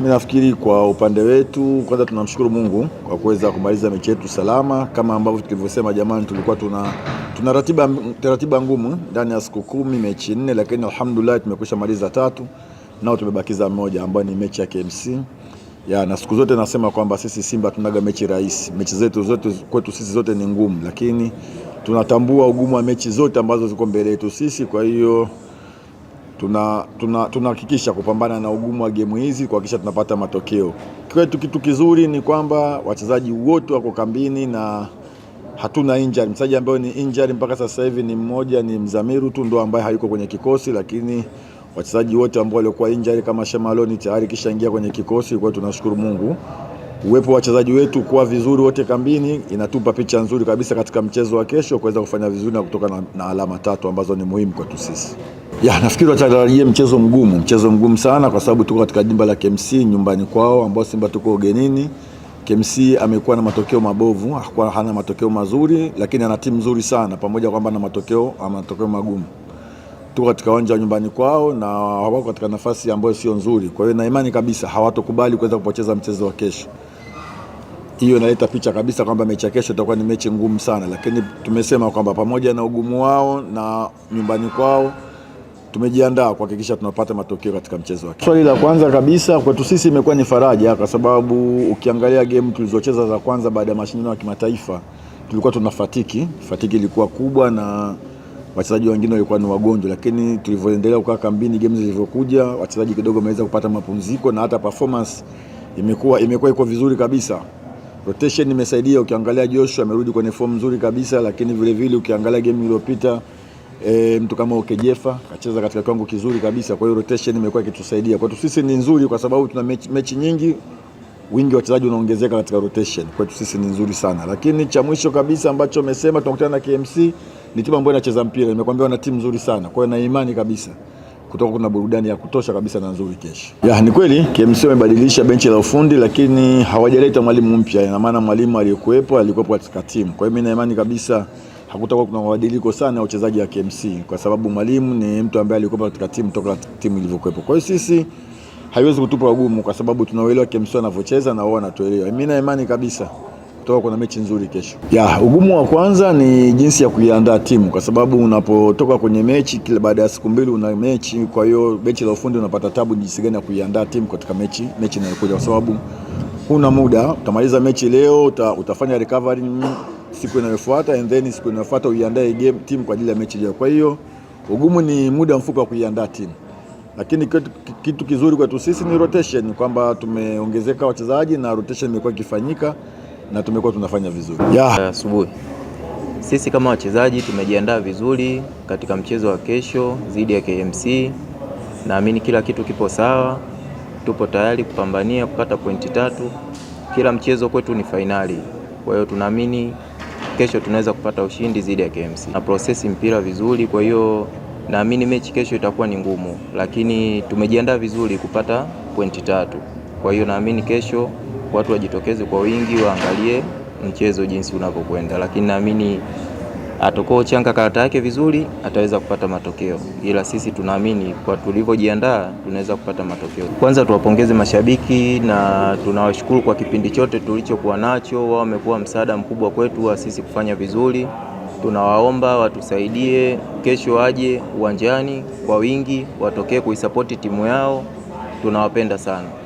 Mimi nafikiri kwa upande wetu, kwanza tunamshukuru Mungu kwa kuweza kumaliza mechi yetu salama. Kama ambavyo tulivyosema, jamani, tulikuwa tuna, tuna ratiba, ratiba ngumu ndani ya siku kumi, mechi nne, lakini alhamdulillah tumekwisha maliza tatu, nao tumebakiza moja ambayo ni mechi ya KMC ya, na siku zote nasema kwamba sisi Simba tunaga mechi rahisi, mechi zetu zote kwetu sisi zote ni ngumu, lakini tunatambua ugumu wa mechi zote ambazo ziko mbele yetu sisi, kwa hiyo tunahakikisha tuna, tuna kupambana na ugumu wa gemu hizi kuhakikisha tunapata matokeo kwetu. Kitu kizuri ni kwamba wachezaji wote wako kambini na hatuna injury. Mchezaji ambaye ni injury mpaka sasa hivi ni mmoja, ni Mzamiru tu ndo ambaye hayuko kwenye kikosi, lakini wachezaji wote ambao waliokuwa injury kama Shemaloni tayari kisha ingia kwenye kikosi. Kwa hiyo tunashukuru Mungu, uwepo wa wachezaji wetu kuwa vizuri wote kambini inatupa picha nzuri kabisa katika mchezo wa kesho kuweza kufanya vizuri na kutoka na, na alama tatu ambazo ni muhimu kwetu sisi. Ya, nafikiri watarajie mchezo mgumu, mchezo mgumu sana kwa sababu tuko katika jimba la KMC nyumbani kwao, ambao Simba tuko ugenini. KMC amekuwa na matokeo mabovu, hakuwa hana matokeo mazuri, lakini ana timu nzuri sana, pamoja kwamba na matokeo ama matokeo magumu. Tuko katika uwanja wa nyumbani kwao na wako katika nafasi ambayo sio nzuri, kwa hiyo na imani kabisa hawatokubali kuweza kupoteza mchezo wa kesho. Hiyo inaleta picha kabisa kwamba mechi ya kesho itakuwa ni mechi ngumu sana, lakini tumesema kwamba pamoja na ugumu wao na nyumbani kwao tumejiandaa kuhakikisha tunapata matokeo katika mchezo wake. Swali la kwanza kabisa kwetu sisi imekuwa ni faraja, kwa sababu ukiangalia game tulizocheza za kwanza baada ya mashindano ya kimataifa tulikuwa tuna fatiki, fatiki ilikuwa kubwa na wachezaji wengine walikuwa ni wagonjwa, lakini tulivyoendelea kukaa kambini, game zilivyokuja, wachezaji kidogo wameweza kupata mapumziko na hata performance imekuwa imekuwa iko vizuri kabisa. Rotation imesaidia, ukiangalia Joshua amerudi kwenye form nzuri kabisa, lakini vilevile ukiangalia game iliyopita E, mtu kama Okejefa kacheza katika kiwango kizuri kabisa, kwa hiyo rotation imekuwa ikitusaidia kwetu sisi ni nzuri, kwa sababu tuna mechi, mechi nyingi, wingi wa wachezaji unaongezeka katika rotation, kwetu sisi ni nzuri sana. Lakini cha mwisho kabisa ambacho umesema, tunakutana na KMC, ni timu ambayo inacheza mpira, nimekwambia wana timu nzuri sana, kwa hiyo na imani kabisa kutoka kuna burudani ya kutosha kabisa na nzuri kesho. Ya, ni kweli KMC wamebadilisha benchi la ufundi lakini hawajaleta mwalimu mpya, ina maana mwalimu aliyekuwepo alikuwepo katika timu, kwa hiyo mimi na imani kabisa hakutakuwa kuna mabadiliko sana ya uchezaji wa KMC kwa sababu mwalimu ni mtu ambaye alikuwa katika timu toka timu ilivyokuwepo. Kwa hiyo sisi haiwezi kutupa ugumu kwa sababu tunaelewa KMC wanavyocheza na wao wanatuelewa. Mimi na imani kabisa tutakuwa kuna mechi nzuri kesho. Ya, ugumu wa kwanza ni jinsi ya kuiandaa timu kwa sababu unapotoka kwenye mechi kila baada ya siku mbili una mechi, kwa hiyo benchi la ufundi unapata tabu jinsi gani ya kuiandaa timu katika mechi mechi inayokuja kwa sababu huna muda, utamaliza mechi leo uta, utafanya recovery siku inayofuata and then siku inayofuata uiandae game team kwa ajili ya mechi hiyo. Kwa hiyo ugumu ni muda mfupi wa kuiandaa timu, lakini kitu kizuri kwetu sisi ni rotation, kwamba tumeongezeka wachezaji na rotation imekuwa ikifanyika na tumekuwa tunafanya vizuri asubuhi. Yeah. sisi kama wachezaji tumejiandaa vizuri katika mchezo wa kesho dhidi ya KMC. Naamini kila kitu kipo sawa, tupo tayari kupambania kupata pointi tatu. Kila mchezo kwetu ni fainali, kwa hiyo tunaamini kesho tunaweza kupata ushindi dhidi ya KMC. Na prosesi mpira vizuri, kwa hiyo naamini mechi kesho itakuwa ni ngumu, lakini tumejiandaa vizuri kupata pointi tatu. Kwa hiyo naamini kesho watu wajitokeze kwa wingi, waangalie mchezo jinsi unavyokwenda, lakini naamini atakuwa changa karata yake vizuri, ataweza kupata matokeo, ila sisi tunaamini kwa tulivyojiandaa tunaweza kupata matokeo. Kwanza tuwapongeze mashabiki na tunawashukuru kwa kipindi chote tulichokuwa nacho, wao wamekuwa msaada mkubwa kwetu wa sisi kufanya vizuri. Tunawaomba watusaidie, kesho waje uwanjani kwa wingi, watokee kuisapoti timu yao. Tunawapenda sana.